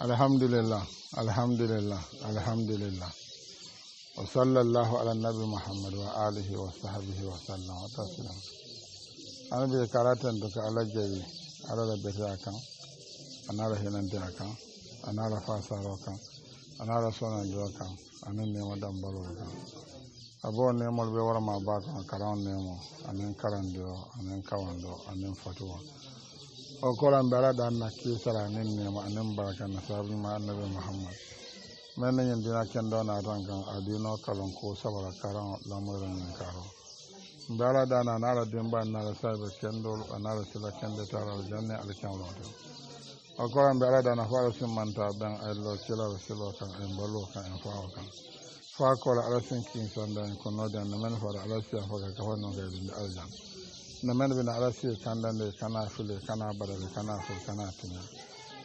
alhamdulillah alhamdulillah alhamdulillah wa salla llahu ala nabi mouhammad wa alihi wa sahbihi wa sallam wa taslam anabi karaten to ka ala jawi alala bete a kan anaala henante a kan anaala fasaro kan anaala sonanjo kan ana nema dambaloo kan abo neman bewar wara ma ba kan karan nemo anin karande o anin kawande o anin fatuwa o koran da na anna kisara anin nemo anin baraka na ma annabi muhammad. min ne yin dina kendo na ran kan adino kalon ko sabara karan lamurin min karo ɓe da na nara dimba nara saɓe na da sila da tara aljanne alkamroto o koran ɓe da na fara dan ɓen lo kilaro silo kan en balo kan en fawo kan fa kola ala sinkin sandani ko nodan na men hore ala siya foga ka hono ga bi aljan na men bi na ala siya sandan de kana fule kana barale kana fo kana tina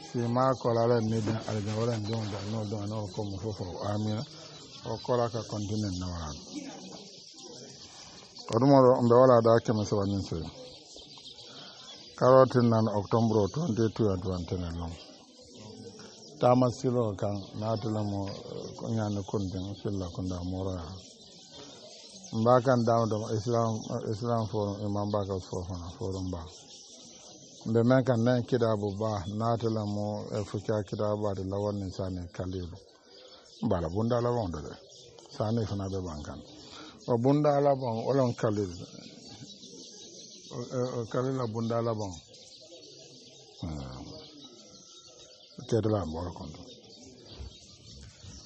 si ma kola ala ne da aljan wala ndon da no do no ko mo fofo amina o kola ka kontine na wala o dum o be wala da ke me so banin se karotin nan october 22 21 non tamasilo kan naatilamo ko ñaani kunten filla ko nda moroya mba kan dama dama islam islam forum ima mba kas fofana forum mba mbe men kan nan kidabu ba naatilamo e fukka kidabu baade lawanni sani kalilu bala bunda labon de de sani fana be ban kan o bunda labon olon kalil kalila bunda labon hmm. kedala mboro kon ɗum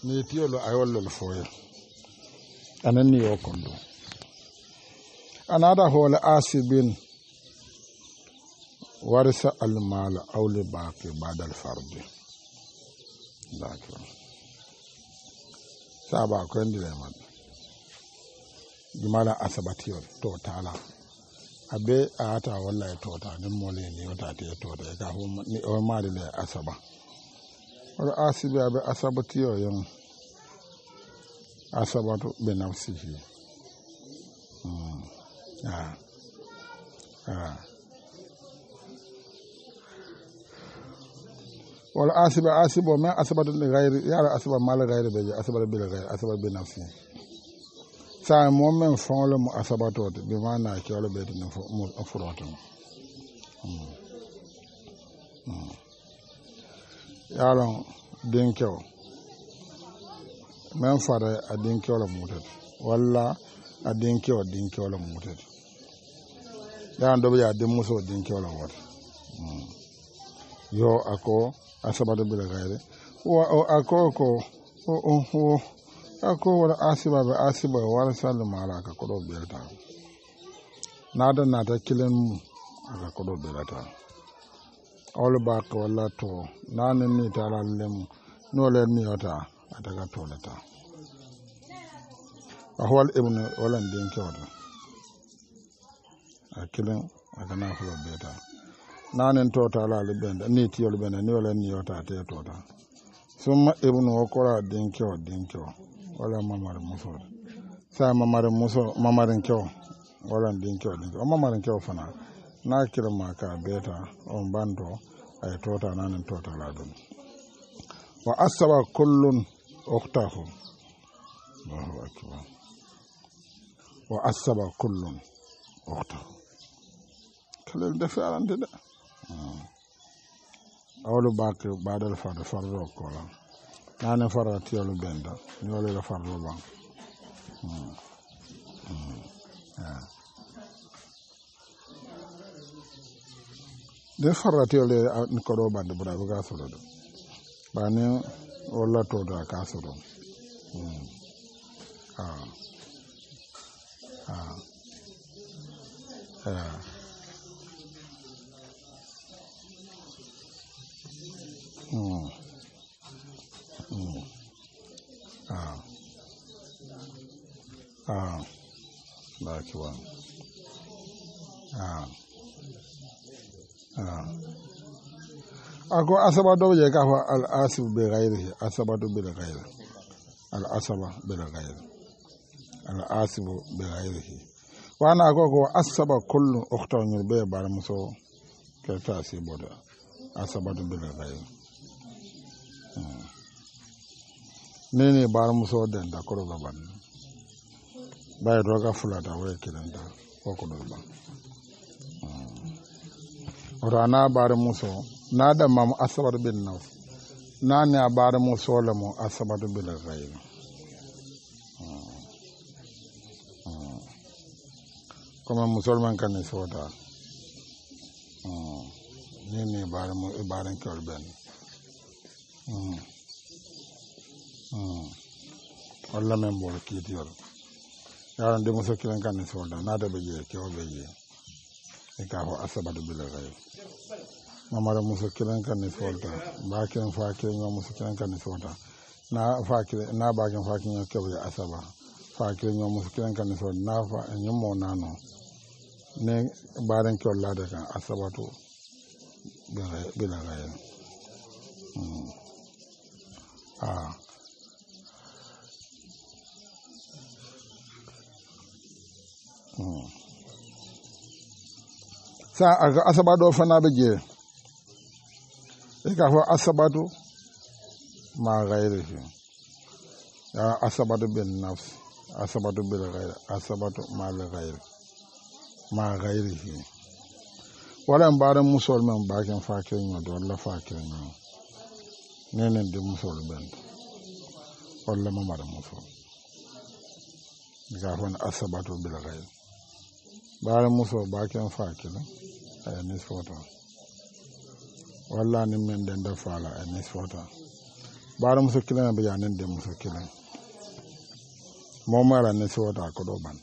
mi piyolo ayollol foya anani yo kon ɗum anaada hoole asi bin warisa almala awli baki badal farde saba ko endire maɓɓe jumala asabatiyo to tala abe aata walla e tota nin molini yotati e tota e ka fo ni o maali le asaba oɗo asibe aɓe asabatiyo yen asabatu ɓe nafsihi hmm. ah. ah. wala asiba asibo ma asabatu ɗe gayri yara asiba mala gayri ɓe je asabatu ɓile gayri asabatu ɓe nafsihi sa mom men fonle mo asabatode ɓe mana keole ɓeyde ne fo mo furotemo Mm-hmm. Hmm. ya lɔŋ dinkɛ o fare a dinkɛ la mutɛti walla a dinkɛ o la mutɛti yaran dɔ bɛ yɛ a denmuso o la wɔti hmm. yo a kɔ a sabati bila ka yɛrɛ wa a o kɔ a kɔ wala asiba bɛ asiba ye walasa lemala ka kɔdɔ bɛɛ ta n'a da nata kelen mu a ka kɔdɔ bɛɛ ta ol barto walla to nanen ni talallemu nolen ni yota a daga toleta a hoal imne walan din kewta a kilin aga nafulo beta nanen to talale ɓenda ni tiyol ɓenda ni walan ni yota te tota summa ibnu o kora din kewo din kewo wala mamare musol sa mamare muso mamarin kewo walan din kewo din kewo mamarin kewo fana na kirma ka beta on banto ay tota nanen tota laadum wa assaba kullun oktafu allahu akbar wa assaba kullun oktafu kalel defe arande de hmm. awlu bak badal farde farde o kola nane farda tiyolu benda ñolela farde ban hmm. hmm. Yeah. nde farratiole koɗo ɓande bura ɓe ga soro ɗo ɓane wallatoɗo a ka soro ɓakiwan ako asaba dobe je ka fa al asib bi ghayrihi asaba do bi ghayr al asaba bi ghayr al asib bi ghayrihi wa na ako ko asaba kullu ukhtawin be bar muso ke ta si boda asaba do bi ghayr ne ne bar muso den da koro ga ban bay do ga fulata wa kiran da ko ko do ban ora hmm. na bar muso na ɗammam asabar bin nan na ne a bari mu sola mu asabar bin rai kuma hmm. hmm. musulman ka ne sota hmm. ni ne bari mu ibarin kyau bin wallah men bor kitiyor yaran de muso kilen kan ni sota na da bege kyau bege ikafo e asabar bin rai mamara muso kilen ka ni fota bakin fake yo muso kilen ka ni fota na fake na bakin fake yo kebo ya asaba fake yo muso kilen ka ni fota na fa ni mo nano ne baren ko lade ka asaba to bila bila ga ya hmm. a hmm. sa aga asaba do fana be je ka fo asabatu ma gayrihi ya asabatu bin nafs asabatu bil gayri asabatu ma li gayri ma gayrihi wala mbaara musol men baken fakir nyo do wala fakir nyo nenen de musol ben wala mamara musol ga fon asabatu bil gayri mbaara musol baken fakir ay nisfoto wallani min nde nde faala e mis fota mbaɗo mo sokkilen mbeja nen de mo sokkilen momo ara ni sota ko ɗo ban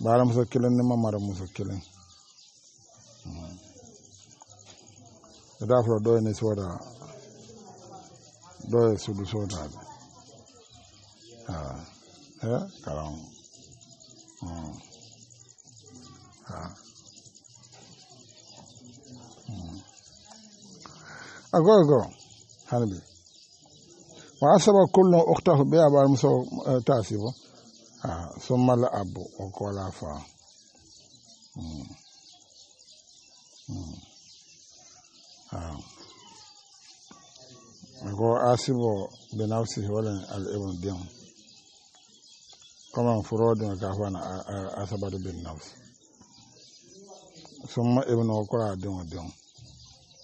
mbaɗo mo sokkilen ni mamara mo sokkilen hmm. edafoto ɗo eni sota ɗo e sudu sotade e, e karam hmm. a agogo hanbi wa asaba kullu ukhtahu bi abar muso tasibo ah summa la abu o Hmm, hmm, fa ko asibo bi nafsihi al ibn diyam kama furodun ka na asaba bin nafsi summa ibn okra dun dun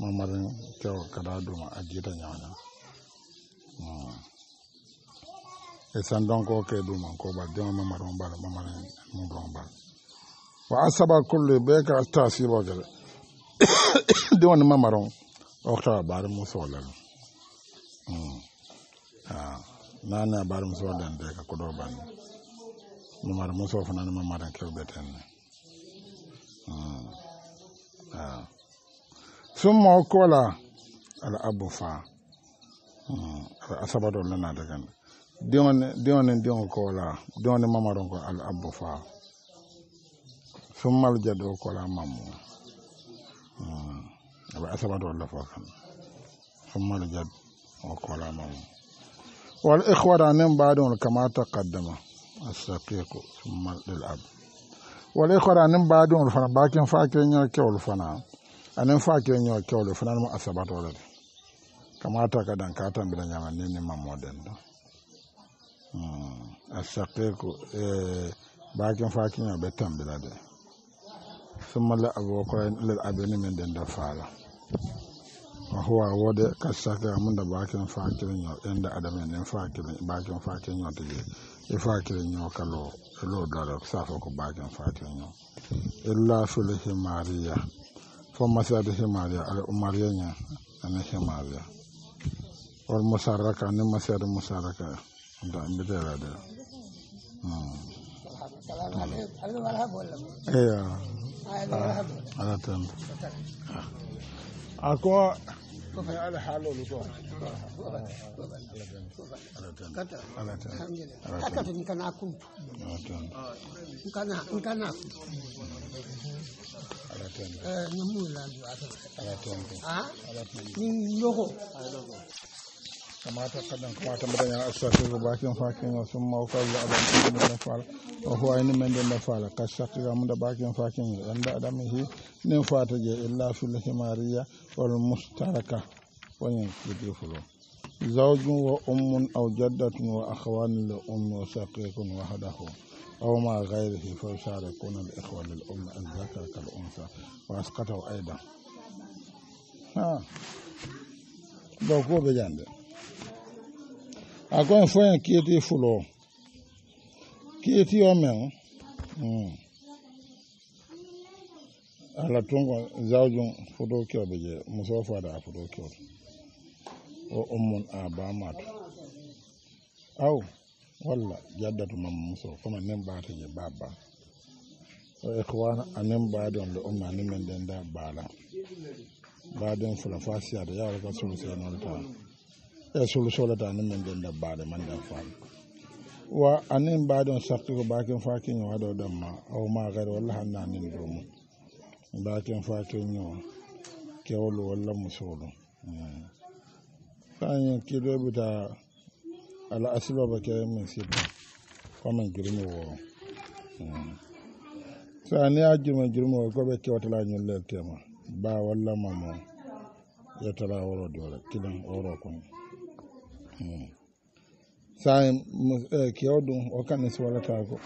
mamarin kyau kada domin ajiye da yana isan hmm. e don ko ke domin ko ba dima mamarin bala mamarin mugon bala wa asaba kullu be ka ta si ba gele di wani mamarin o ka bari musu walal na hmm. na bari musu walal da ka kudo ba ne mamarin musu wafi na mamarin kyau betin ne Yeah. Hmm. Uh. ثم أقول الأبوفا أصابر لنا دعنا دون دون دون أقول دون ماما رونغ الأبوفا ثم الجد أقول مامو أصابر لنا فكان ثم الجد أقول مامو والإخوة رانم بعدهم كما تقدم السقيق ثم الأب والإخوة رانم بعدهم فنباكين فاكين يكول فنام A nan fa ke kyau kyolo fana mu asabato le kamata ka dan katon bi da nyama ne ma modern da a hmm. asaqe ku eh bakin fakin yau nyo bi tambi da de summa la abu ko le abeni men da fara a huwa wadda ka saka mun da bakin fakin yau inda adamin ne bakin fakin yau da yi e fakin yau ka nyo lo e dara safa ku bakin fakin yau, illa fil ko masiyade himaliya ala umariyeña ana himaliya on musarraka ni masiyade musarraka da mbiderade hmm. eyaalatend ah. a ko ala haalolu ɗo akata ni kana kuntu ah, kana kana kuntu ñamulajo eh, ah? ni yogo كما تقدم كما تبدأ يعني أستغفر باكين فاكين ثم وقال لأبان من نفعل وهو أين من دون نفعل كالشقيق من باكين فاكين عند أدمه نفاتج إلا في الحمارية والمشتركة وينكتب فلو زوج وأم أو جدة وأخوان لأم وشقيق وحده أو مع غيره فيشاركون الإخوة للأم الذكر كالأنثى وأسقطه أيضا ها دوكو بجانب Agora foi aqui de fulô. Que ti homem. Hum. Ala tungo um, zaujun um fudo kyo beje. Muso fada que eu. O homem ummun abamat. Au walla jaddatu mam muso Como nem baata je baba. O ikhwana nem baade on le umma anem den da bala. Baden fula fasiya da yawa ka sulu sai non ta. Eh, ta nan nan min ba da man da fa wa anin mbaɗon sartugo mbaken fa wa da dan ma o magare walla hanna anin ɗo mum mbaken fa sulu eh. kan yin ki kañen buta ala asiloɓe kewe min eh. ko man jirmi woro sa ne a jirmi jirmi woro wata la ñullel tema ba walla mamo tara woro dole kidan woro kun Mm. saye kewo ɗum o kamɓe sowalatako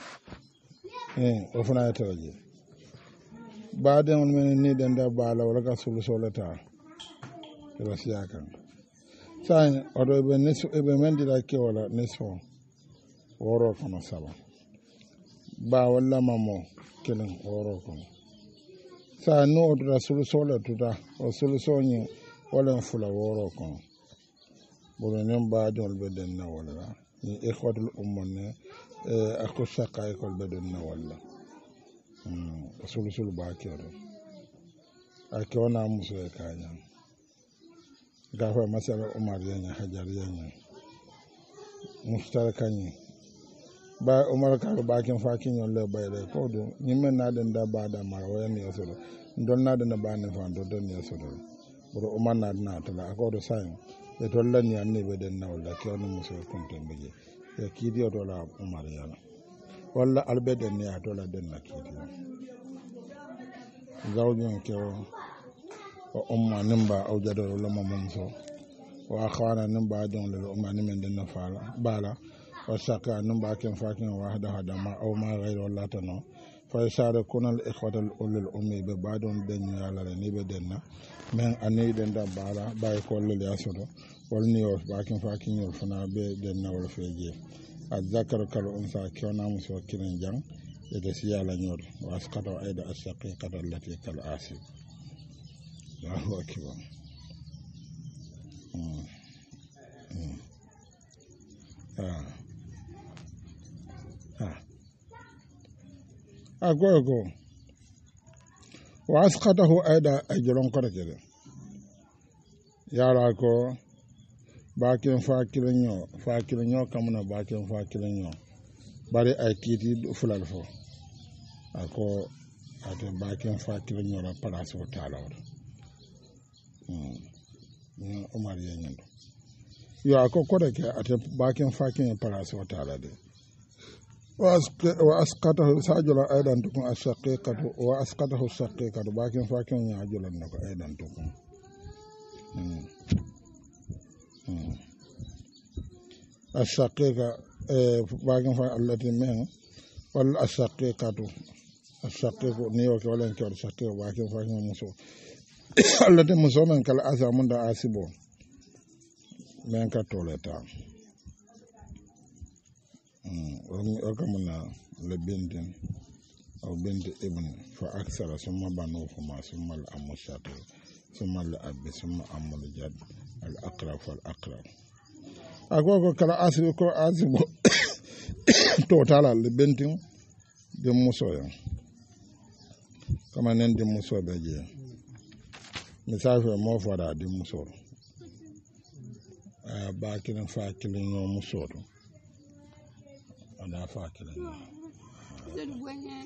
e o funayatoje baden on men ni ɗen da baala walla ka sulu solata ɓeɗo siya kan saye oɗo ɓe e ɓe mendira kewola neso woro kono saba ba wallama mo kelen woro kono saye nu oduta sulu sola tuta o sulu soñi wallen fula woro kono ɓuuri nen mbaadiol ɓe ɗen nawol la in école umma e akku sakka école ɓe ɗen nawol la sulsul baa keɗo a kewna musoye kañan gafa masala Umar yaña hajar yaña mustara kañi ba oumar kaɓe ɓaken fa kiñolle ɓayɗe ko ɗum ñimmen naɗen da baɗa mara wayani yesoɗo donnaɗen e ɓanen fan to donni umar na oumar naɗe natala akoɗo sayin e tollanni anni ɓeɗen nawalla kewno musoe kontembe je e kiidiyo tola umar yala walla alɓeɗen ni a tola ɗenna kiidiyo zawjon kewo o umma nimba awjadoro loma mum so o akwana nimba jonlel umma nimen ɗenno fala baala o saka nimba ken fakin wa hadama aw ma gayre wallata faysare konal e fatal ollel ummiɓe mbaɗon dañoyalare ni ɓe denna min anniyi ɗen ɗa baala ɓawi ko ollel yasoto wolni o bakin fakiñol fana ɓe dennawol feeje azzakar kal unsa kewnamuso kiren jang ede siyalañol waskata ayda ashaqiqata allati kal asib allahu akibar ah ah agogo wa asqatahu aida ajiron kota kede yara ko bakin fakirin yau fakirin yau kamuna bakin fakirin yau bari a kiti fulal fo ako ate bakin fakirin yau para so tala wala ni umar yanyan yo ako kota ke ate bakin fakirin para so tala de wa askatahu sajula aydantukum asaqiqatu wa askatahu saqiqatu bakin fakin ñajulannako aydantukum hmm. hmm. asaqiqa e, bakin fa allati men wall asaqiqatu asaqiqu niyoke walenkewar saqiqa bakin fakin muso allati muso men kala asamunda asibo men ka toletam Mm, wani aka muna labintin abin da ibn fa'aksara sun ma bano kuma sun ma la'amu shafi sun ma la'abbi sun ma amuru jad ko kala asibi ko asibi to tala labintin din muso yan kama nan din muso da je misafi mo fara din muso ah, ba kinan fa kinan muso da fa kila zirgwanya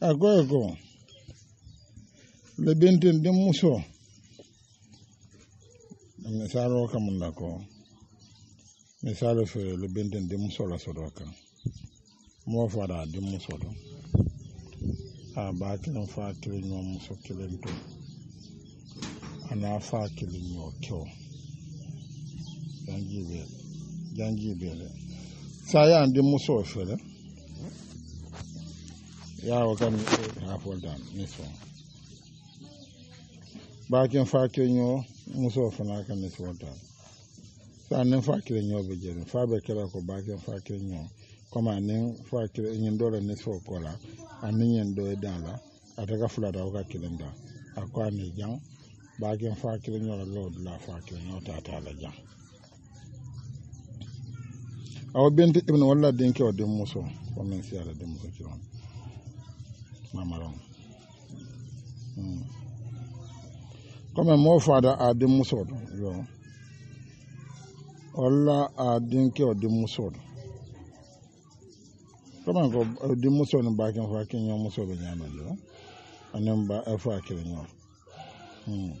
a goyo go labintin din muso misalo kamun ko misalo fe labintin din muso la sodoka mo din muso don a baa kelen fɔ a kelen ɲɔmuso kelen to a n'a fɔ a kelen janji bɛ dɛ saa y'an denmuso o fɛ dɛ yaa o ka a fɔ dan ni sɔn baa kelen ka ni sɔn saa fɔ a f'a bɛ kɛra ko baa kelen fɔ a kelen kɔmi fɔ ani yen dɔ ye dan a la a tɛ ka fila da o ka kelen da a ko a ni jan b'a gɛn f'a kelen yɔrɔ la o dilan f'a kelen yɔrɔ ta t'a la jan aw bɛn tɛ tɛmɛ wala denkɛ o denmuso o min se ala denmuso kiran mamarɔn hmm. kɔmi m'o fa da a denmuso dɔn wala a denkɛ o denmuso dɔn comment ko eh, di musoo no mbaaken fo hakkil ñoo musoo ɓe ñaamande o anen ba eh, fo hakkile ñoor hmm.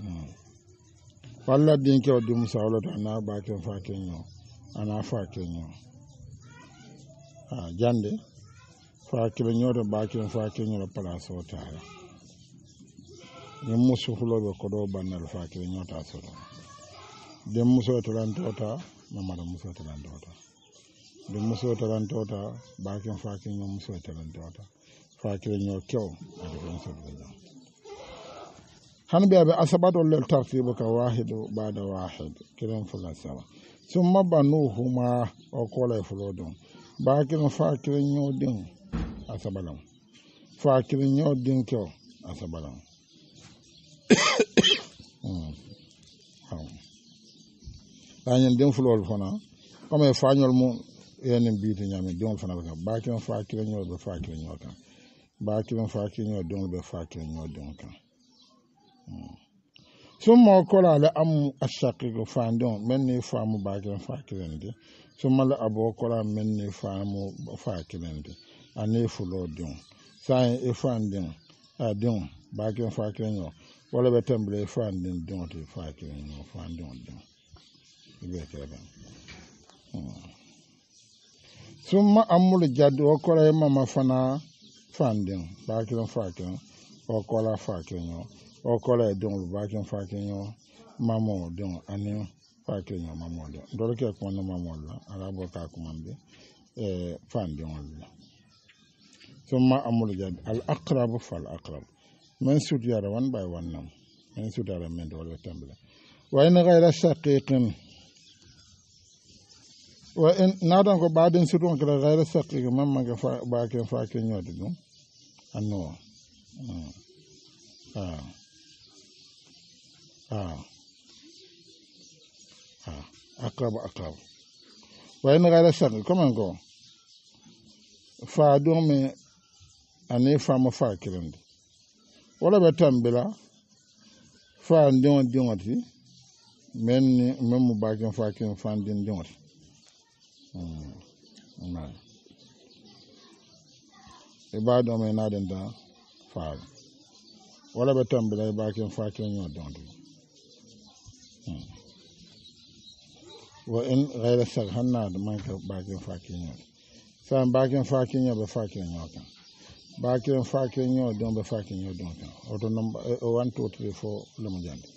hmm. walla din kewo di musa woloto ana mbaaken fo hakkil ñoo ana fo hakkile ñoo a jannde fo hakkile ñoo to mbaaken fo hakkile ñoo ɗo place o taara min musu huloɓe ko ɗo bannal fo hakkile ñoo taa soto den musoo talantoota mamaɗa musoo talantoota ɗum musoo tarantoota baaken faakin yo musoo tarantoota faakiren yo kew aɗoen sodde jam han mbiyaɓe asabatol lel tartibo ka wahidu baada wahid kiren fula sawa summa banuhuma o koolay fulo ɗum baakiren faakiren yo ɗin asabalam faakiren yo ɗin kew asabalam hmm. ɗañen ɗin fulol fona comme faañol mum ene mbiyde ñaami dongol fana ko kam baaki on faakira ñoo ɓe faakira ñoo kan baaki on faakira ñoo dongol ɓe faakira ñoo don kan hmm. summa kolaale amu asakiko faande on men ni faamu baaki on faakirene de summa la aboo kola men ni faamu faakirene de ane fuloo don saa e faandin a don baaki on faakira ñoo walla ɓe tembla e faandin donte faakira ñoo faande on don ɓe kere kan Hmm. summa amul jaddu o kola e mama fana fanden bakilen faken o kola faken yo o kola e dongol baken faken yo mamo dong ani faken yo mamo de dole ke ko no mamo la ala bo ka ko mande e fanden wala summa amul jaddu al aqrab fal aqrab men sud yara wan bay wan nam men sud yara men dole tambla wa wa en nadan ko ɓaden surtout on kata rayre sakqiko mammage fa baken fa keñode ɗum annoo a a a aqrabe aqrabe wayno rayre sakqi comme en ko faa ɗum me ani faamo fakirende wala ɓe tambila faa ndiŋo diŋoti men ni men mo baken fa ken fa ndin diŋoti ɗumnaade mm. e baade o men naaden da faaɓe wala ɓe tambila e baakeen faa keñoo donde mm. wo in gayre sag han naade manka baakeen faa keñoode saan baakeen faa keñoo ɓe faa keñoo kan baakeen faa keñoo don ɓe faa keñoo don kan oto nombo eh, wantotiri fo lomo jande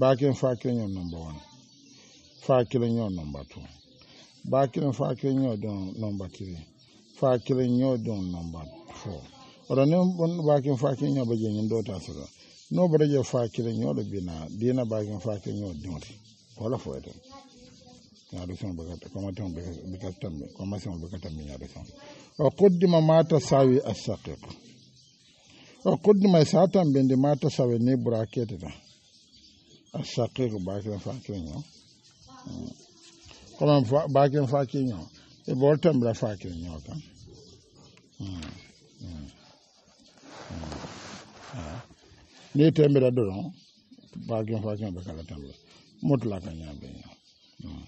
baakeen faa keñoo nombo wan faa kilañoo nombo tuo baa kiliŋ fo akili ñoo doŋ nomba tiri fo akili ñoo doŋ nomba fo wala ni baa kiliŋ fo akili ñoo ba jee ñiŋ dootaa soto noo bata jee fo akili ñoo la bina diina baa kiliŋ fo akili ñoo doŋ ti fo la foyi tam ñaadosoŋ bika komatoŋ bika tambi komasoŋ bika tambi ñaadosoŋ o kuddima maata sawi asaqiq o kuddima e saa tambindi maata sawi ni buraa keeti ta asaqiq baa kiliŋ fo akili ñoo comme bakin faki ño e bor tembra faki ño kam hmm. hmm. hmm. ni tembira doron bakin faki be kala tembra mutla ka ña be ño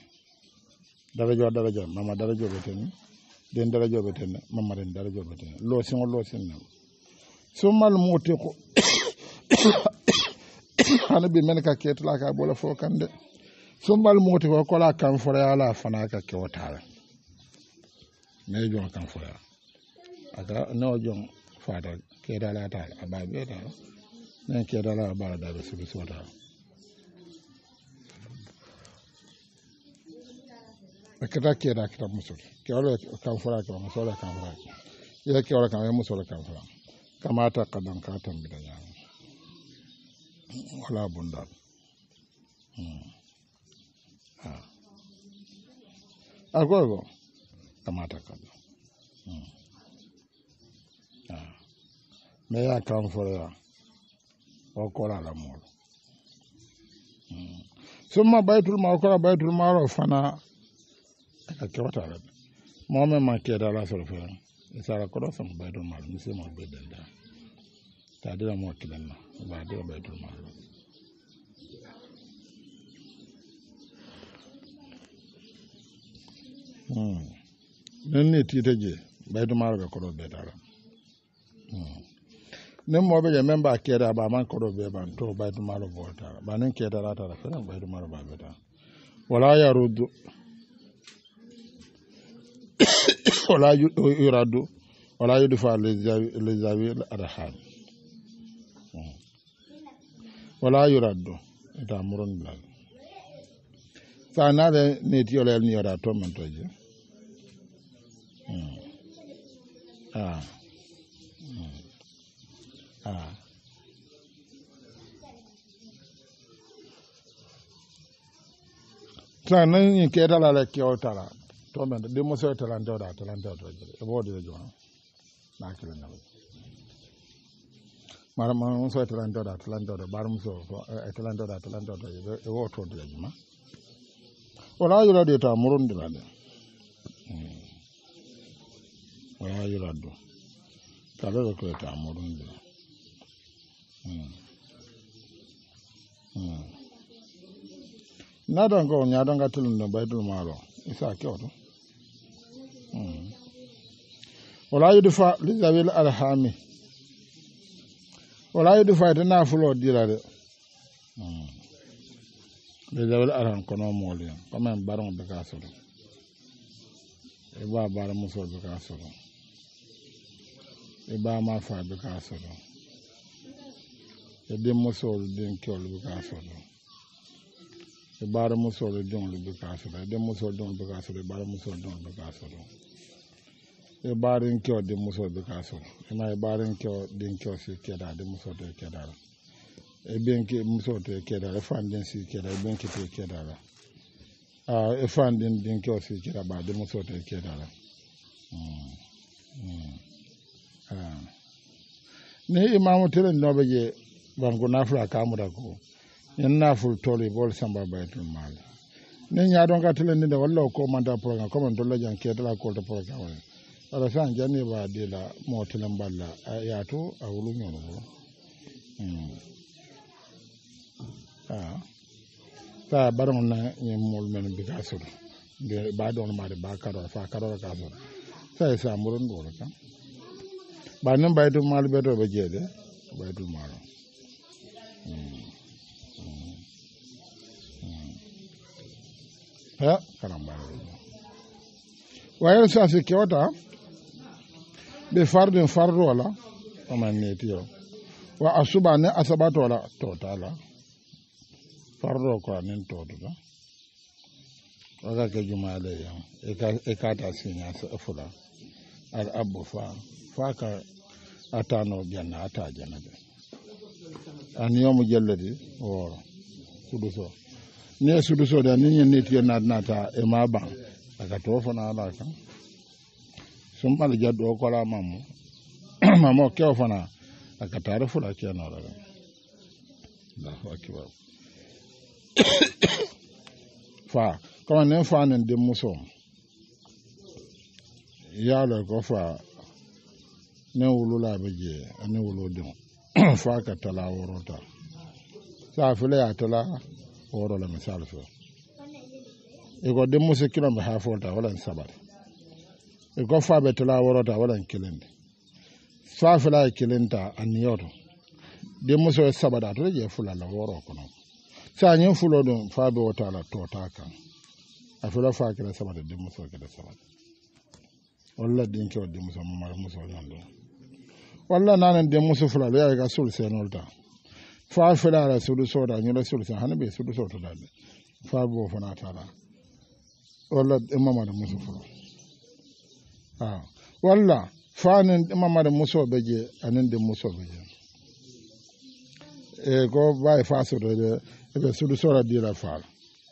darajo darajo mama darajo be ten den darajo be ten mama den darajo be ten lo sin lo sin ne so mal mutiko hana bi men ka ketla ka bola fo kande de sumbal muti ko kola kanforaya ala fana ka kewotala ne jon kanforaya aka no jon fata kedala ta aba beta ne kedala aba da su su wata akata keda kita musul kewala kanforaya ko musula kanforaya ya kewala kan musula kanforaya kamata kadan katan bidanya wala bundal Hmm. a goo goo kamata kadu hmm. mais yaa kam foroya o kora la moolu hmm. summa baytul ma o kora baytul maaro fana aka kewata la de moo meŋ ma keeda la solo fe isara kodo sama baytul maaro misi ma be denda taa dira moo kilen na baa dira baytul maaro Hmm. nan ne tite je bai dumaru ga kodo bai dara hmm. nan mo bai jami'an ba ke da ba man kodo bai ban to bai dumaru ba wata ba nan ke da rata da firin bai dumaru ba bai dara wala ya rudu wala yi rudu wala yi dufa lezabi arhani wala yi rudu ita murin lalai sa naare neti olel ni ora to man toje hmm. ah. hmm. ah. a a sa na ni ke da la le ke o tara to man de mo se tara ndo da tara ndo to je e bo de jo na ke le na mara ma mo se tara ndo da tara ndo da bar mo so e tara ndo da tara ndo da e wo to de juma wala yirade ta moronɗirade hmm. wala yirade ɗo kalere koye ta moronɗira nadan ko ñadangatelude baydul maaro isa kewto hmm. wala yiɗi fa lisawil alhami wala yiɗi fayde nafulo dirade mm. ɓe lewle aran kono moolu hen quand même baramo be ka soro e ba bara muso be ka soro e bama fa be ka soro e din musolu din kewlu be ka soro e bara musolu jonlu be ka soro e din musol jonlu be ka soro e bara musol jonlu e be ka soro e barin kewo din musol be ka soro ima e, e barin kewo din kewo si keda din musol de kedara e benke musote keedal e, e fanɗin si keeɗal e benkete keedala e fanɗin ɗinke o si keeɗa ɓaade musote keedala mm, mm, ni hei mamu telaninoɓe je wanko nafula kamuda ko yen naful tolo i bole samba baytul maali ni ñaaɗon ka telandinde walla o commande programme comme dolla jan keedala kolta programme o ala san janniɓa ɗila mo telen balla yaato a wuluñolo ko mm. sa baron na ñemmol men mbi ka sot nde ba doon maade ba karora fa karora ka sot sa e sa mboron ngoro kam ba nan baytul maalo beto ba jeede baytul maalo hmm. hmm. hmm. ha karamba wayel sa se kyota be fardo fardo wala amane tiyo wa asuba ne asabato wala totala farɗo ko amin totuga waga ke jumaleyam e kata siñase e, e fula ar abbo fa fa ka atano janna ata janabe an yomu jelleti wooro suduso ni e suduso de ni ñinniti yen adnata e ma ban aga to fona ala kan sumbala jaddu o kola mammo mamo kew fana aga tare fula ceenoraga allahu akibar fa kama ne fa nin muso ya lɔ ko fa ne wolola a bɛ jɛ ani wolodenw fa ka tala wɔɔrɔ ta saa fele y'a tala wɔɔrɔ la misali e fɛ ekɔdenmuso kelen bɛ haa fɔ ta wala n saba de ekɔ fa bɛ tala wɔɔrɔ ta wala n kelen de fa fila ye kelen ta a niyɔrɔ denmuso ye saba de a tora jɛ fila la wɔɔrɔ kɔnɔ sañin fulo ɗum faa ɓe wotaala toota kan a fula faakira sabata dimmuso kede sabata wol la dinkewo dimmuso mumara muso ñande walla naanen dimmuso fulale yaye ga sul seenol ta faa filaala sulu sooda ñula sul sen hana ɓe sulu sootoda de faa ɓe wo fana taala walla mamada muso fulo waw walla faa nen mamada musoɓe je anen dimmusoɓe je e ko bawi faa sodo de eɓe suɗu sora diila faal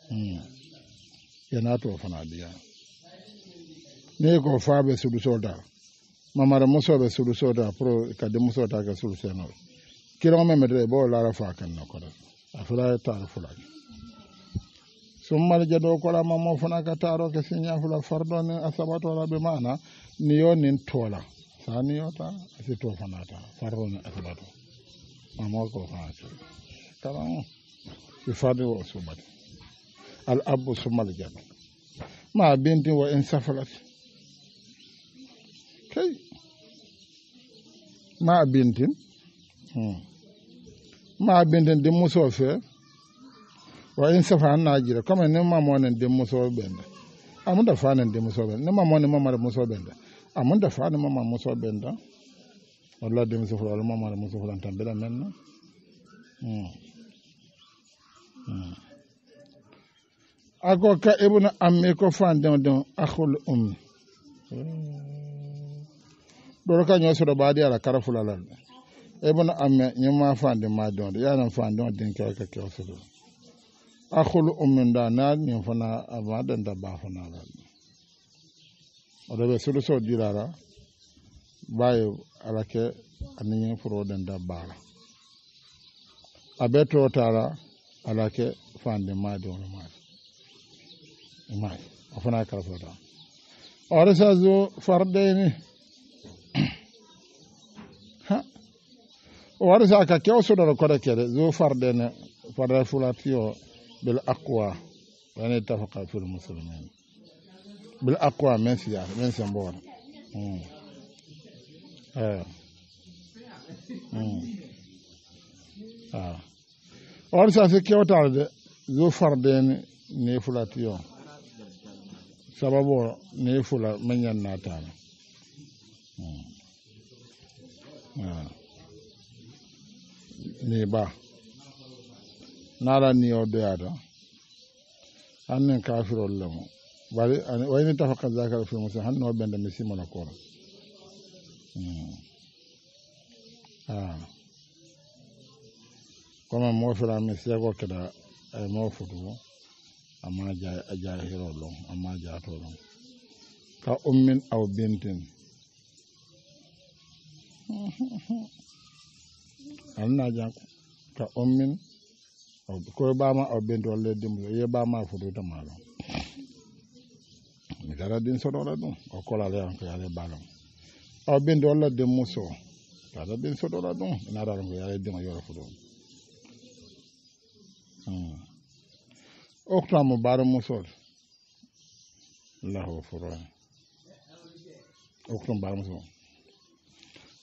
ɓe hmm. naato fana diya ni ko faaɓe suɗu soda mamara musoɓe suɗu soda pour kadi musotake suɗu senol kilon memede bo laara fa kanna koɗa a fula e taaro fulaj sumumali jado kolama mo funa ka taaro ke siña fula fardo ni a saɓatola ɓe mana ni yo nin toola sa ni yota a sito fanata farro ni a fulato mamo ko fana kalan ɓe faami wo o sumani al abbo sumal jama ma bentin wo en safrate kay ma bintin hmm. ma bintin dimmusoo fee wa en safa an naajire comme ne mam onen dimmusoo ɓennde amunda fanen dimmusoo ɓennde ne mam one mamare musoo ɓennde amunda fane mamar musoo ɓennda wallah dimmusofulo wala mamare musofulantan mbeɗa men no Hmm. a ko ka e bona amme ko fan deo deo a kgole omme doro hmm. ka nyo soro baadi ala kara fula la e bona amme nyo ma fan de ma deo de yana fan deo den ka ka ka soro a kgole omme nda na nyo fana a ma den da ba fana la odobe soro so dira la baye ala ke ani nyo furo den da ba la abe to tara la alake fande maade wono maade maade o fana kala fota o resage o farde ni o wari sa ka kew sudoro kode kede zo farde ne farde fulatio bel aqua wani tafaqa fi lmuslimin bel aqua men siya men sembowona hmm. e eh. hmm. a ah. on sasi kewtare de yo fardeni ne fulati yo sababu ne fula mañan natana hmm. hmm. ni ba nala ni o doyata hannen kafirol lemo bari wayni tafaka zakar fi musi hanno ɓende mi simona kora a mm. ah. comme moofiraami seego keda ay e moofudu amma a jahiro ɗon amma jaato ɗon ka ummin aw bintin anna janko ka ummin koye ɓama aw binti walla dimbo ye ɓama fuduitama ɗon mi gara din soɗoɗa ɗum o kolaleyan ko yaale balon aw binti walla dimmuso kaɗa din soɗoɗa ɗum inaɗaɗon ko yaale dima yoro fuɗoɗum Oklwa mou bar mousol La ho furo an Oklwa mou bar mousol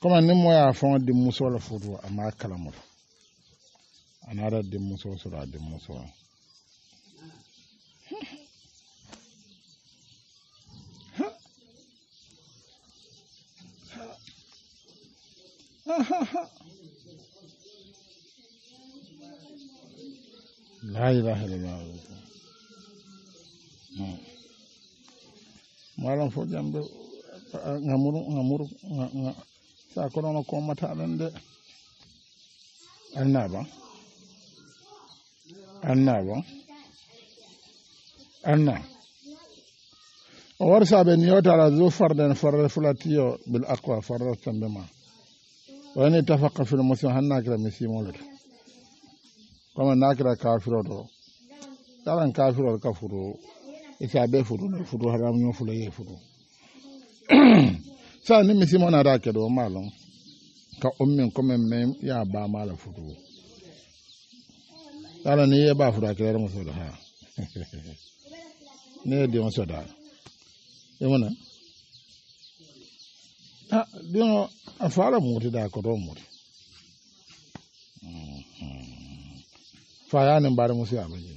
Koman ni mou ya foun di mousol furo an Ma kalamot Anara di mousol sura di mousol an Ha ha ha la ilaha illallah malam fof jamɓe gamuru gamuru sa korono kommata ɗen de annaba annaba anna o war saɓe niyotala zo farden farre fulatiyo bil aqua farre tembe ma wani tafaqa fil muslim hannakira mi simolata kama n'a kɛra kafiro dɔ yala kafiro ka furu ise a bɛɛ furu furu haramu furu ye furu sisan ni misi mana da kɛ dɔn n b'a lɔn ka o min kɔmi mɛ y'a ba la furu yala ni ye b'a furu a kɛra muso la ne ye denw sɔrɔ e mana ha denw a fa la da a kɔrɔ fayani mbaramusi abaji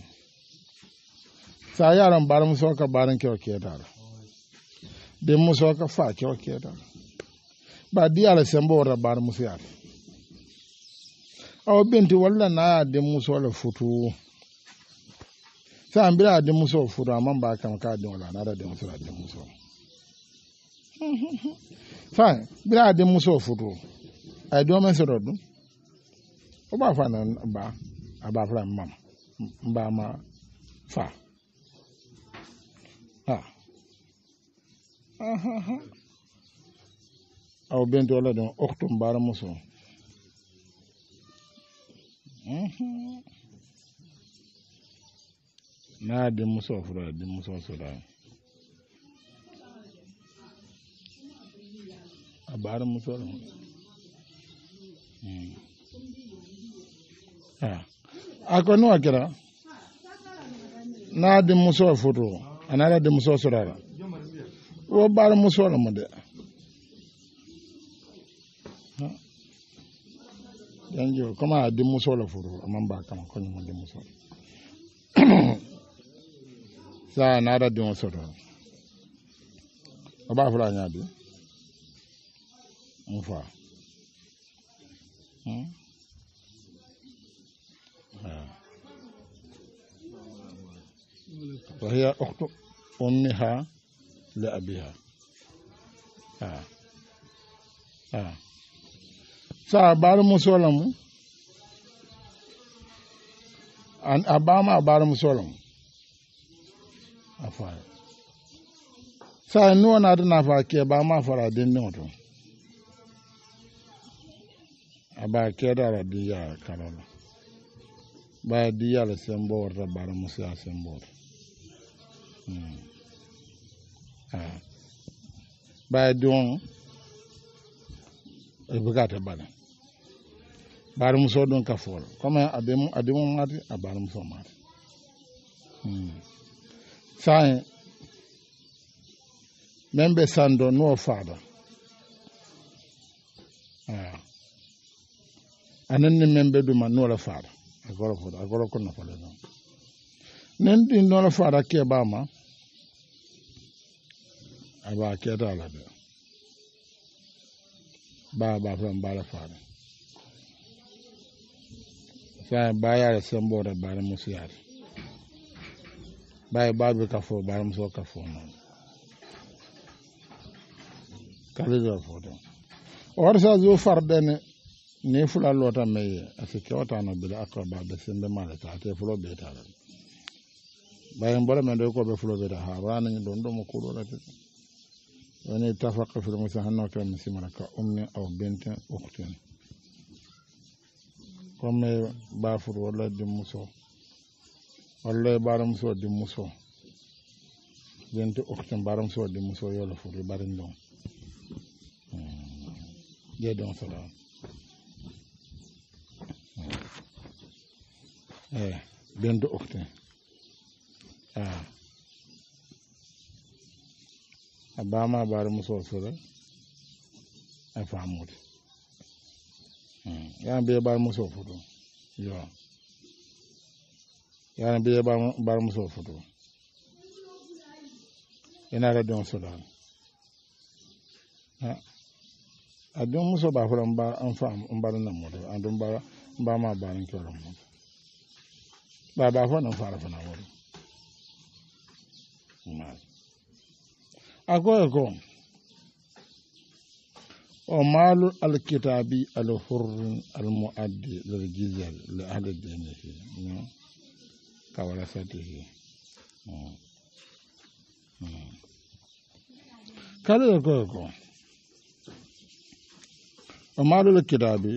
sa yaram mbaramusi ka baran ke okedar de muso ka fa ke okedar ba diala sembo ra baramusi ar aw binti walla na de muso la futu sa ambira de muso futu amam ba kam ka de wala na de muso de muso fa bira de muso futu ay do men se roddu o ba fanan ba a baafulan mam mbaama faa ah. aw benti wala ɗum octum mbaara muso naa di musoo fura di musoo sura a baara musoo ɗum hmm. a ah. a ko nu a kira na di musoo futu anara di musoo surara wo bar musoo lamu de yanji koma a di musoo la futu aman ba kama ko nyuma di musoo sa anara di musoo to o ba fula nyadi mu fa hmm? wahiya okto ummi ha le abiha sa a barimo sola mu a bama a barimo sola mu a fara sa a nuwa na adina fa ke bama a fara a dinne wato a ba ke da ara di ya karola ba di ya le sembo wata barimo sai a sembo wata Baa duŋ e bɛ kaa ti bala baamuso din ka fuoli komi a di ŋun ŋmati a baamuso ŋmati hmm. saɣim din bɛ sando ni o faɣada a ni ni min bɛ du ma ni o faɣada a gɔlɔ kuna fɔli zuɣu nen ɗin ɗon fara keɓama aba ketala ɓe baba fen mbara fara sae bayare sembore bare musiyare baye babe ka fo bare muso ka fo noon kalidor fo ton or sa jo farɗene ni fula lota meye asi kewtano bila acrobat ɓe sembe male tate fulo ɓetalae bayen bala men ɗo koɓe fulobe ɗa ha ranani ɗon ɗomo kuɗoɗate woni tafaka filmo sa hanno kam mi simara ka ummi aw bintin uktin comme bafur walla dimmuso walla baramuso dimmuso binti uktin baramuso dimmuso yola fur barin ɗon je hmm. don sala hmm. eh binti uktin a a bama ɓaare mo sorsora a famude hmm. yaana mbiye ɓaare mo sor foto yo yaana mbiye ɓaare mo sor foto ina ara don sodal a don muso ba fura ba an fa an bar nan mu an don ba ba ma ba nan kyoro mu ba ba fa nan fara fa nan wuri maaɗa agoyago o maalu alkitabi al hurri almoaddi lelgijal le aledenehi kawalasatihi hmm. hmm. kala e goye go o maalu lkitabi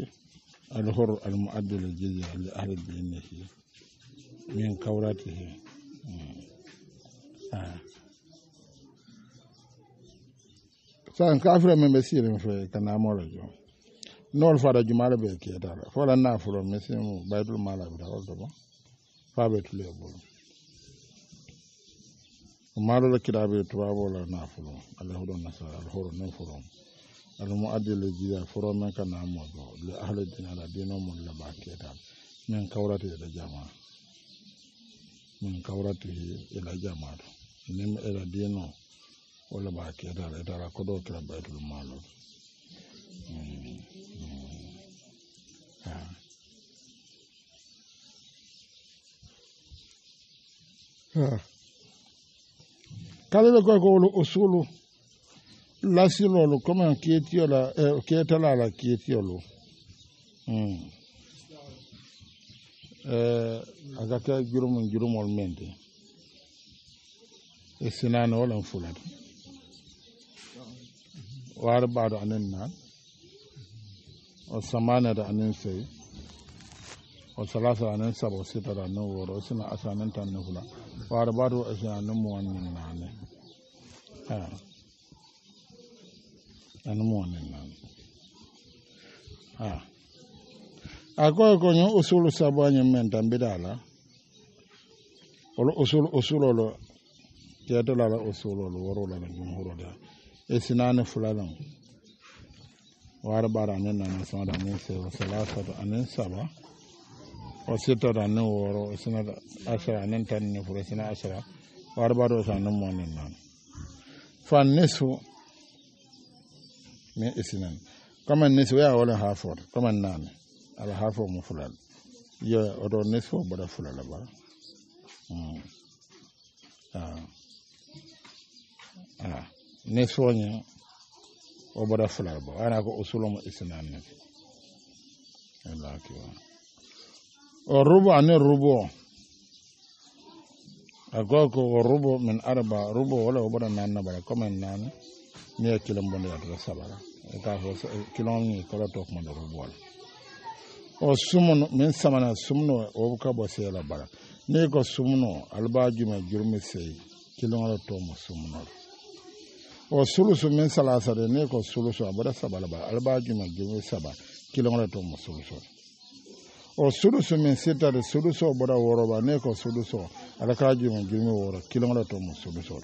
al hurri almoaddi lelgijal le aledenehi min kawratihi hmm. Ah. saan kafira min ɓe sire fe kanamoro jo nool fada jumala ɓe ketara fola nafuro misimu baydul malaɓita holto bo fa ɓe tule e bolu maɗola kiɗaɓe tubabola nafulo alla huɗo nasara al horo nen furom alamo addi le jiya furo men ka namo do le ahla dinala dinomon laba ketaɓe min kawrati ila e jama min kawrati ila e jamato nim ila dino wala ba ke da da ra ko do kira baitul mal kala le ko ko usulu lasilolu comme kietiola eh, kietalala kietiolu mm. eh, agata jurumum jurumol mente e sinaani oɗon fulata waare mbaaɗo anen naan o samaanere anen sewi o salasa anen sabo sitara anen wooro o sina asa anen tan ne fula waare mbaaɗo o e asina anen e muwannin naane anen muwannin naane a koye koñu usulu sabaañin men tan mbiɗa ala olo usul usulolo yadolala osuolol worulala jumhurola esinane fulalan warbara anin nanasamada anin sewo salasato anin saba osittoto anin woro esinata asara anin tanni furo esina asara warbaroso anin e monin nan fan nesu min esinan comme nesu waya wole hafoto comme nane ala hafo mo fulal yo oto nesfo boɗa fulala bara Yeah. Hmm. Uh -huh. ne soña o bota fular bo ana ko usulumo islam neke alakiwa o rubo ane rubo a goko o rubo min araba rubo wala o bota nanna bara comme en nane mie kilom bonde atata sabara ka fo kilom ni kolo tokmode rubo wala o sumuno min samana sumno o ka bo seela bara ni ko sumno alba jume jurmi sey kilongalo tomo sumnoro o sulusu min salasade ni ko sulusu abada saba laba alaba juma jumi saba kilore to mo sulusu o sulusu min sittade sulusu o boda woroba ni ko sulusu alaka juma jumi woro kilore to mo sulusu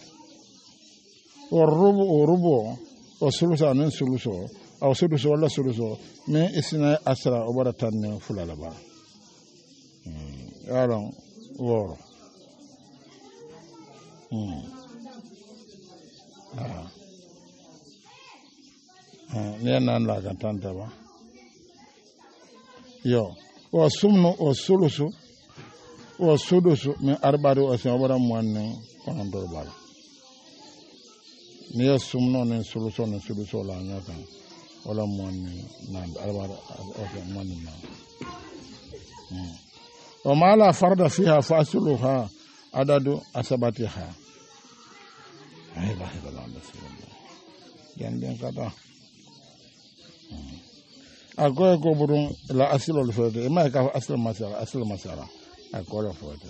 o rubu o rubu o sulusu anin sulusu aw sulusu walla sulusu min isina asra o boda tanni fula laba hmm, alon woro Hmm. Ah. Ah, nien nan lagantantema yo o sumnu o sulusu o sudusu min arbadi o sin o ɓara moanni onondoro bala ni ye sumno nin suluso nin suluso la ña kan wala moanni nande arbadi ose moanni nan o hmm. mala farda fiha fa asuluha adadu asabati ha wallahi wala alasiralla janden kada a goye gobudum la asilol fete imaye e kafa asil masara asil masara a gole fete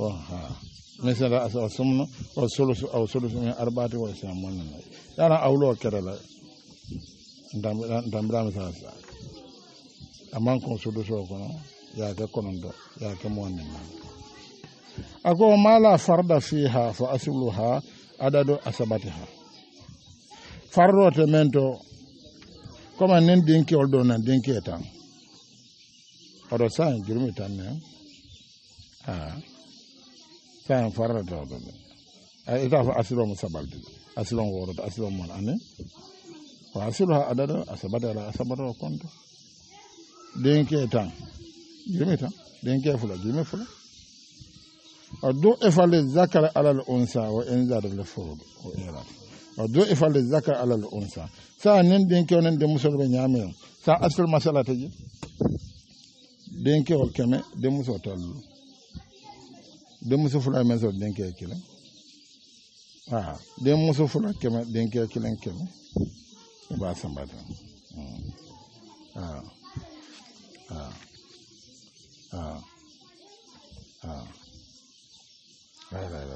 oha misala aso sumno o solusu o solusu mi arbaati wa sa monna la dara awlo kerala ndam ndam ndam sa amman ko solusu ko ya ga konndo ya ke monna la ako mala farda fiha fa asluha adado asabatiha farrote men to comme nen dinki ol ɗon nan dinki e tan oɗo san jurmi tan nen a san farrata oɗo ɗen ita fa asilomo sabalti asilon worota asilon mon ane fa asilu ha adado asabati ala asabato o compte dinki e tan jurmi tan dinki e fula jurmi fula o do e falle zakara alal onsa o enzar le fowɗo o era o do e falle zakara alal onsa sa nen ɗenke o nen de musoɓe ñaame o sa asfel masala taƴi ɗenke o keme de muso tallu de muso fula e men so ɗenke e kilen a de muso fula keme ɗenke e kilen keme e ɓa sambata a a a a あららら。うん。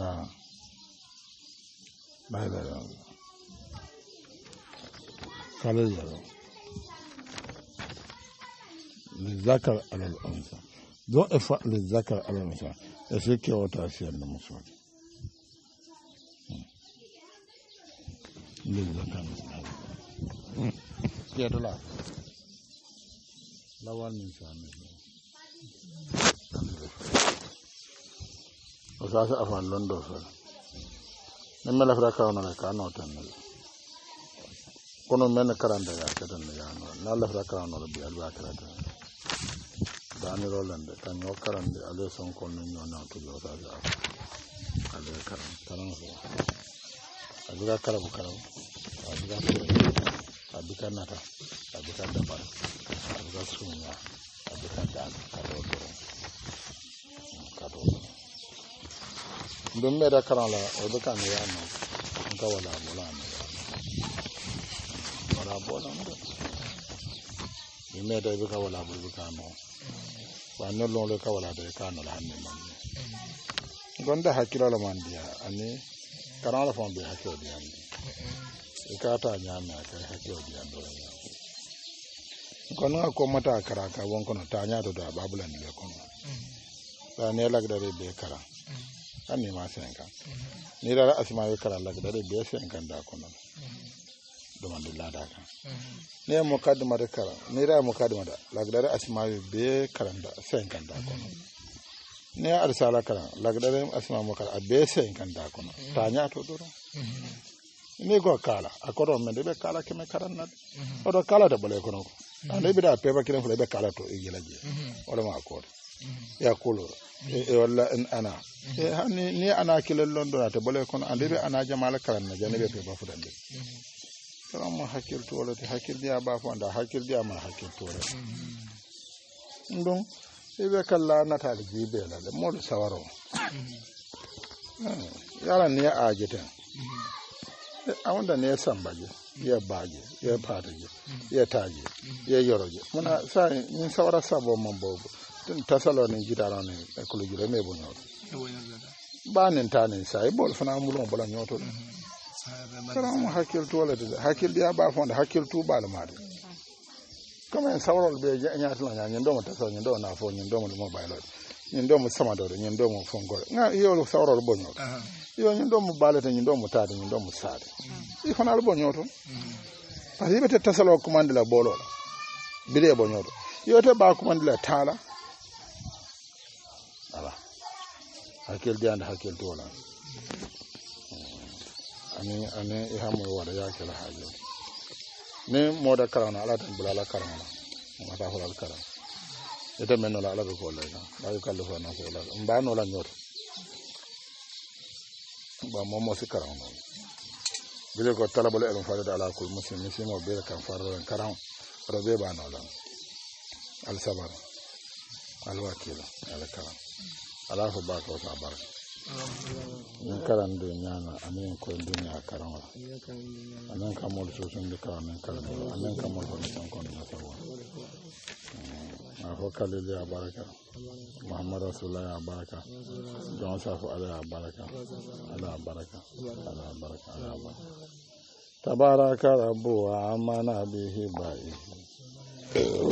ああ。バイバイだ。彼だろ。للذكر على الأنثى ضعف للذكر على الأنثى أفكي وتأثير المصري للذكر كيف لا لو الإنسان o sasa afan londo fele min mela fota kawnole ka no tennel kono men karanta ya ketenne yano na lafta kawnole bi alwa karata danirolande kaño karande ale sonkol no ñonawtujo sasa afa ale karam karam fo aduga karabu karabu aduga kan nata aduga dabar kan sunya aduga dal aduga don mera karala o do kan ya no ga wala mola no wala bona no ni me da ga wala bu ga no wa no lo lo ga wala da ka no la hanne man ni gonda hakira la man dia ani karala fon be hakira dia ni e ka ta nya na ka hakira dia do ni gonna ko mata karaka won kono ta nya do da babulan ni ko ta ne lagda re be karaka hammima cinq ans ni rara asimaye karallage ɗaɗe biya cinq ans da konon domande ladaka ni mo kadimade kara ni ra mo kadimada lagdare asimawe be karanda cinq ans da kono ni arsala kara lagdare asima mo kara be cinq ans da kono tañato doro ni go kala a koɗo mende ɓe kala keme karannade oɗo kalata ɓole kono ko ande ɓeɗa peba kiren fula ɓe kalato e jila je oɗoma kore Mm. yakulo mm. e, e, walla en ana mm. e hanni ni ana kilel londonate bole kono andiri ana jamala kalanna janibe pe bafudande tanmo hakkil tuwolote hakkil diya bafo anda hakkil diyama hakkil tuwore um ɗum iɓe kalla natali jibelale moɗo sawaro ah, yala ni aje ten e, awonda ni sambaje ye baje ye pateje ye taje ye yoroje mona sa min sawara sabo mon bobo tasaloni jidaroni ekolo jiro me bo ñooto e banin tani sayi e bol fana mulon bola ñooto de mhm. karam hakkil tu wala de hakkil diya ba fonde hakkil tu bala maade comme en sawrol be ñaati la ñaani ndomo tasaw ñi ndomo nafo ñi ndomo mo baylo ñi ndomo sama dore ñi ndomo fongore nga yolo sawrol bo ñooto yo ñi ndomo balata ñi ndomo taade ñi ndomo saade yi mhm. fana bo ñooto mhm. parce que yibete tasalo commande la bolo la bire bo ñooto yote ba commande la tala hakkille de ande hakkille tola ani ani i hamoyo e wada yakela haajo ni moda karana ala tan bula ala karana mata hola al karana ita men nola ala be ko lay na ba yu kallu fana ko lay mba nola nyoto ba mo mo si karana bile ko talabale elum fare da ala kul muslim muslimo bele kan faro en karana rabe ba nola al sabar al wakila ala karana ala ba ka wasu abar min karan duniya na amin ko duniya karan wa amin kan mo so sun dika min karan wa amin kan mo so sun kon na sawa na fo kalili ya baraka muhammad rasulullah ya baraka don sa ala ya baraka ala baraka ala baraka ala baraka tabaraka rabbu wa amana bihi ba'i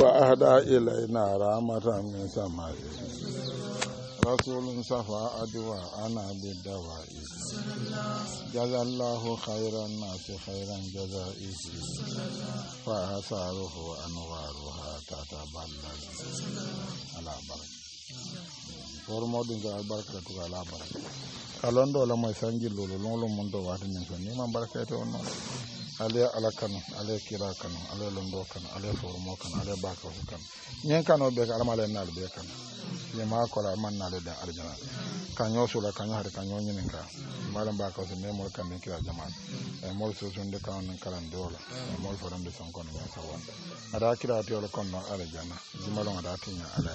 wa ahda ilaina rahmatan min sama'i rasulun safa adwa ana bi dawa isi jazallahu khairan nasi khairan jaza isi fa asaruhu anwaru ha ta ta balla ala baraka for modu ga albaraka to ala baraka kalon do la moy sangi lolo lolo mon do wadani ko ni ma barakaato non ale ala kanu ale kira kanu ale londo kanu ale forumo kanu ale baka fu kanu ñin kano be alama ale naal be kanu yema kola man naale da arjana kaño sula kaño hade kaño ñininka mbalam baka so me mol kambe kira jamaa e mol so sunde kan nan kalan dola e mol forande son kono ba sa wanda ada kira no ola kono arjana jimalo ada tinya ala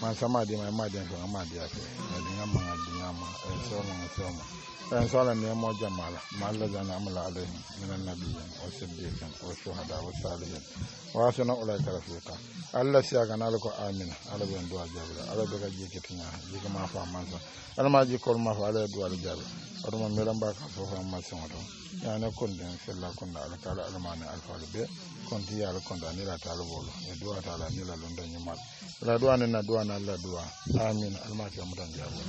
man sama di ma ma di ma di afi ma di e ma di ma e so ma so ma en salamiyamo jammaala ma allah janama laalayhi minen nabiyen o siddiqen o suhada o salihin wasuna ulay kala fiuka allah siagana ala ko amina ala ɓen duwa jaɓre ala ɓeka jikkitiña jiki ma fa masa alama jikkol ma fa ala duwal jaɓe otoma mbiɗambaka fofa masiŋo to yani kondin silla konda ala kala alamani alfaalu ɓe konti yala konda anila taala wolo e duwa taala anila lunda ñumal ala duwa nena duwa na alla duwa amina alama kemutan jaɓre